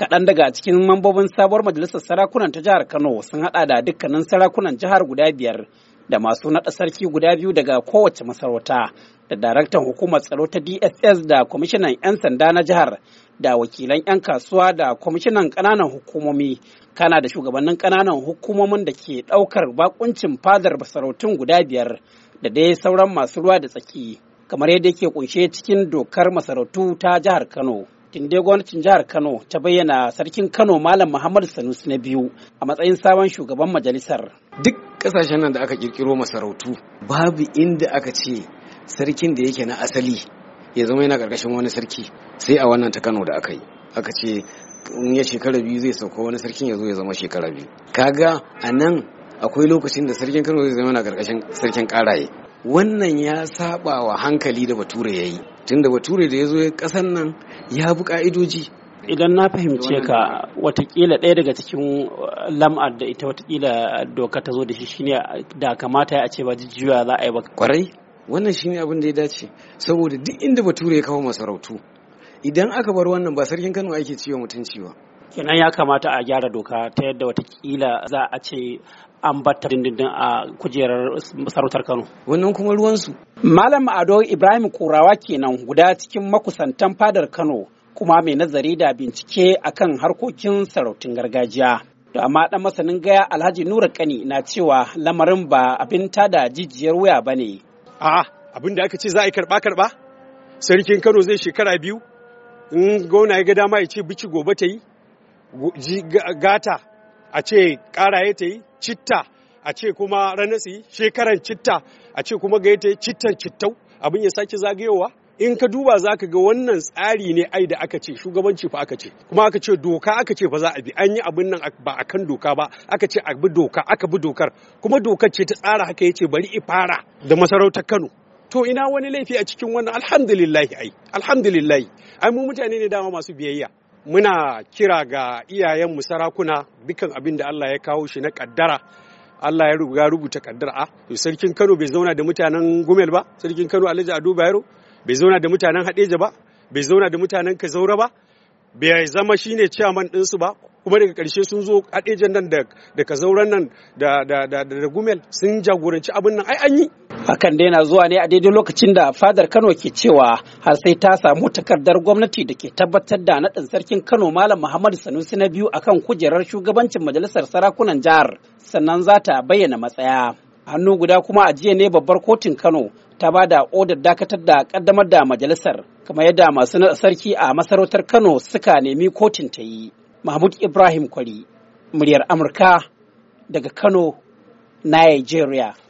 Kaɗan daga cikin mambobin sabuwar majalisar sarakunan ta jihar Kano sun haɗa da dukkanin sarakunan jihar guda biyar da masu naɗa sarki guda biyu daga kowace masarauta da daraktan hukumar tsaro ta DSS da kwamishinan 'yan sanda na jihar da wakilan 'yan kasuwa da kwamishinan ƙananan hukumomi kana da shugabannin ƙananan hukumomin da ke ɗaukar bakuncin fadar masarautun guda biyar da dai sauran masu ruwa da tsaki kamar yadda ke kunshe cikin dokar masarautu ta jihar Kano. tinde gwamnatin jihar Kano ta bayyana sarkin Kano Malam Muhammadu Sanusi na biyu a matsayin sabon shugaban majalisar. Duk kasashen nan da aka kirkiro masarautu babu inda aka ce sarkin da yake na asali ya zama yana karkashin wani sarki sai a wannan ta Kano da aka yi. Aka ce in ya shekara biyu zai sauko wani sarkin ya zo ya zama shekara biyu. Kaga a nan akwai lokacin da sarkin Kano zai zama yana karkashin sarkin Karaye. wannan ya saba wa hankali da bature ya yi tunda bature da ya zo kasan nan ya bi ka'idoji idan na fahimce ka watakila ɗaya daga cikin uh, lam'ar da ita watakila doka ta zo da shi shine uh, da kamata ya ce ba jijjiwa za a yi ba kwarai wannan shine abin da ya dace saboda duk inda bature ya kawo masarautu idan aka bar wannan ba sarkin kano ake ciwo mutunci ba kenan ya kamata a gyara doka ta yadda watakila za a ce an batta dindindin a kujerar sarautar kano wannan kuma ruwansu malam ado ibrahim kurawa kenan guda cikin makusantan fadar kano kuma mai nazari da bincike akan harkokin sarautun gargajiya da amma dan masanin gaya alhaji nura kani na cewa lamarin ba abin da jijiyar wuya ba ne a'a abin da aka ce za a yi karba karba sarkin kano zai shekara biyu in gona ya ga dama ya ce bici gobe ta yi gata a ce karaye ta yi citta a ce kuma ranasi shekaran citta a ce kuma ga ta yi cittan cittau abin ya sake zagayowa in ka duba za ka ga wannan tsari ne ai da aka ce shugabanci fa aka ce kuma aka ce doka aka ce fa za a bi an yi abin nan ba a kan doka ba aka ce a bi doka aka bi dokar kuma dokar ce ta tsara haka ya ce bari I fara da masarautar kano to ina wani laifi a cikin wannan alhamdulillahi ai alhamdulillahi ai mu mutane ne dama masu biyayya muna kira ga iyayenmu sarakuna dukan abin da Allah ya kawo shi na kaddara Allah ya rubuta rubuta kaddara ah, to sarkin Kano bai zauna da mutanen Gumel ba sarkin Kano Alhaji Ado Bayero bai zauna da mutanen Hadeja ba bai zauna da mutanen Kazaura ba bai zama shine chairman su ba kuma daga karshe sun zo Hadejan nan da da Kazauran nan da da da Gumel sun jagoranci abin nan ai an yi Hakan dai na zuwa ne a daidai lokacin da fadar Kano ke cewa har sai ta samu takardar gwamnati da ke tabbatar da naɗin sarkin Kano Malam Muhammadu Sanusi na biyu akan kujerar shugabancin majalisar sarakunan jihar sannan za ta bayyana matsaya. Hannu guda kuma a jiya ne babbar kotun Kano ta ba da odar dakatar da kaddamar da majalisar kamar yadda masu naɗa sarki a masarautar Kano suka nemi kotun ta yi. Mahmud Ibrahim Kwari, muryar Amurka daga Kano, Nigeria.